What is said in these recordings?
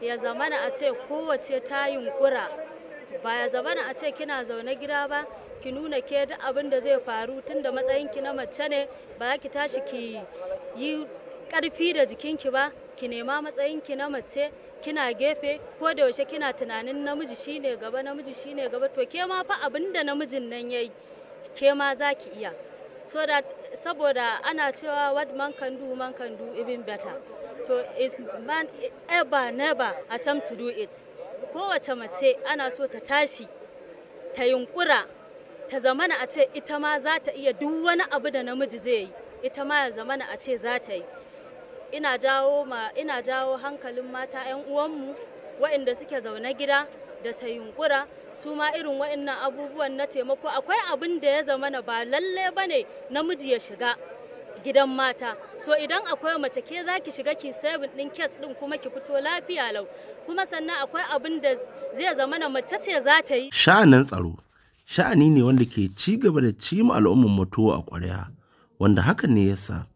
ya zamana a ce kowace ta yunkura ba ya zamana a ce kina zaune gida ba ki nuna ke duk abin da zai faru tun da matsayinki na mace ne ba za ki tashi ki yi ƙarfi da jikinki ba ki nema matsayinki na mace kina gefe ko da yaushe kina tunanin namiji shine gaba namiji shine gaba to ke ma fa abin da namijin nan ya yi, ke ma za ki iya saboda ana cewa what man can man can do even to is man ever never attempt to do it kowace mace ana so ta tashi ta yunkura ta zamana a ce ita ma za ta iya duk wani abu da namiji zai yi ita ma ya zamana a ce za ta yi ina jawo ma ina jawo hankalin mata 'yan uwanmu waɗanda suke zaune gida da sai yunkura su ma irin waɗannan abubuwan na taimako akwai abin da ya zamana ba lalle bane namiji ya shiga gidan mata so idan akwai mace ke za ki shiga ki sabin din kes din kuma ki fito lafiya lau kuma sannan akwai abin da zai zama na mace ce za ta yi sha'anin tsaro sha'ani ne wanda ke ci gaba da cima al'umman mutuwa a ƙwarya wanda hakan ne yasa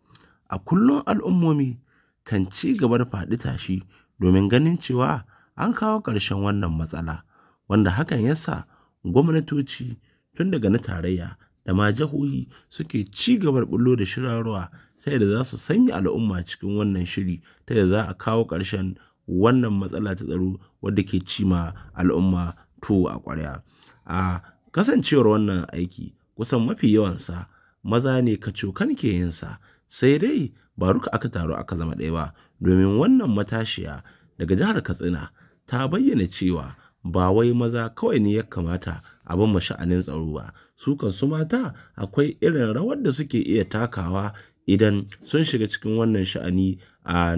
a kullum al'ummomi kan ci gaba da faɗi tashi domin ganin cewa an kawo ƙarshen wannan matsala wanda hakan yasa gwamnatoci tun daga na tarayya da ma jahohi suke ci gaba da da shirarwa ta yadda za su sanya al'umma cikin wannan shiri ta yadda za a kawo ƙarshen wannan matsala ta tsaro wadda ke ci ma al'umma tuwo a ƙwarya. A kasancewar wannan aiki kusan mafi yawansa maza ne cokan ke yinsa sai dai ba ruka aka taru aka zama ɗaya ba domin wannan matashiya daga jihar Katsina ta bayyana cewa ba wai maza kawai ne ya kamata a bar sha'anin tsaro ba su kansu mata akwai irin rawar da suke iya takawa idan sun shiga cikin wannan sha'ani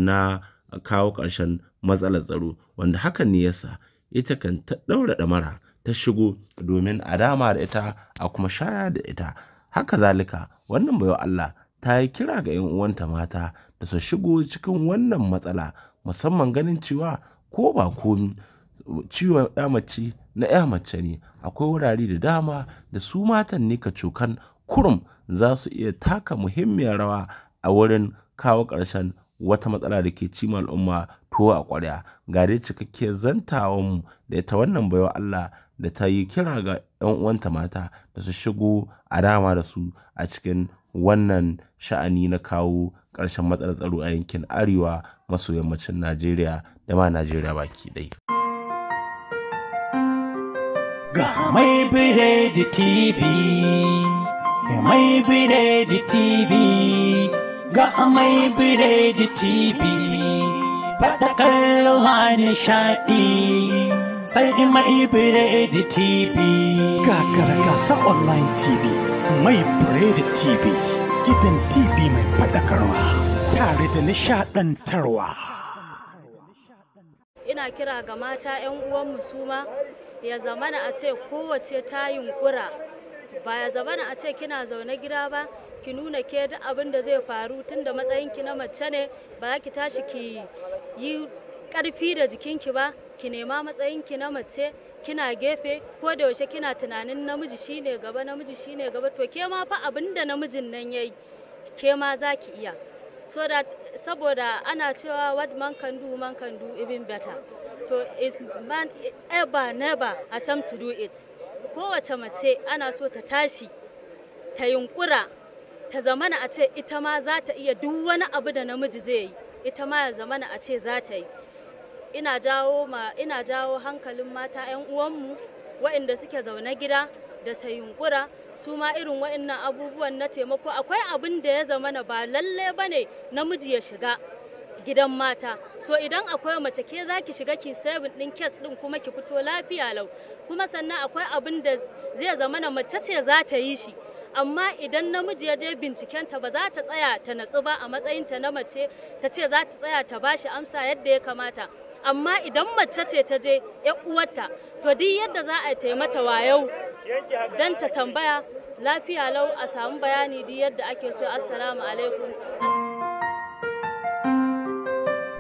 na kawo ƙarshen matsalar tsaro wanda hakan ne yasa ita kan ta ɗaura ɗamara ta shigo domin a dama da ita a kuma shaya da ita haka zalika wannan baiwa Allah ta yi kira ga 'yan uwanta mata da su shigo cikin wannan matsala musamman ganin cewa ko ba komi ciwon ya mace na ya mace ne akwai wurare da dama da su matan ne cokan kurum za su iya taka muhimmiyar rawa a wurin kawo ƙarshen wata matsala da ke cima al'umma tuwo a ƙwarya ga dai cikakkiyar mu da ita wannan baiwa Allah da ta yi kira ga 'yan uwanta mata da su shigo a dama da su a cikin wannan sha'ani na kawo ƙarshen matsalar tsaro a yankin arewa maso yammacin najeriya da ma najeriya baki ɗaya ga mai biredi TV. Mai biredi TV, ga mai biredi TV. Faɗakar ruwa nishaɗi, sai mai biredi TV. Kakara gasa online TV, mai biredi TV, gidan TV mai faɗakarwa, tare da nishaɗantarwa. Ina kira ga mata 'yan uwan musuma ya zamana a ce kowace ta yunkura ba ya zamana a ce kina zaune gida ba ki nuna ke duk abin da zai faru tunda matsayin ki na mace ne ba ki tashi ki yi karfi da jikinki ba ki nema matsayin ki na mace kina gefe ko da yaushe kina tunanin namiji shine gaba namiji shine gaba to ke ma fa abin da namijin nan yayi ke ma za ki iya saboda ana cewa what man can do man can do even better to it's man ever never attempt to do it kowace mace ana so ta tashi ta yunkura ta zamana a ce ita ma za ta iya duk wani abu da namiji zai yi ita ma ya zamana a ce za ta yi ina jawo ma ina jawo hankalin mata 'yan uwanmu waɗanda suke zaune gida da sa yunkura su ma irin waɗannan abubuwan na taimako akwai abin da ya zamana ba lalle bane namiji ya shiga gidan mata so idan akwai mace ke za ki shiga ki sabin din kes din kuma ki fito lafiya lau kuma sannan akwai abin da zai zama na mace ce za ta yi shi amma idan namiji ya je binciken ta ba za ta tsaya ta natsu ba a matsayin ta na mace ta ce za ta tsaya ta bashi amsa yadda ya kamata amma idan mace ce ta je yan uwarta to duk yadda za a yi mata wayau dan ta tambaya lafiya lau a samu bayani duk yadda ake so assalamu alaikum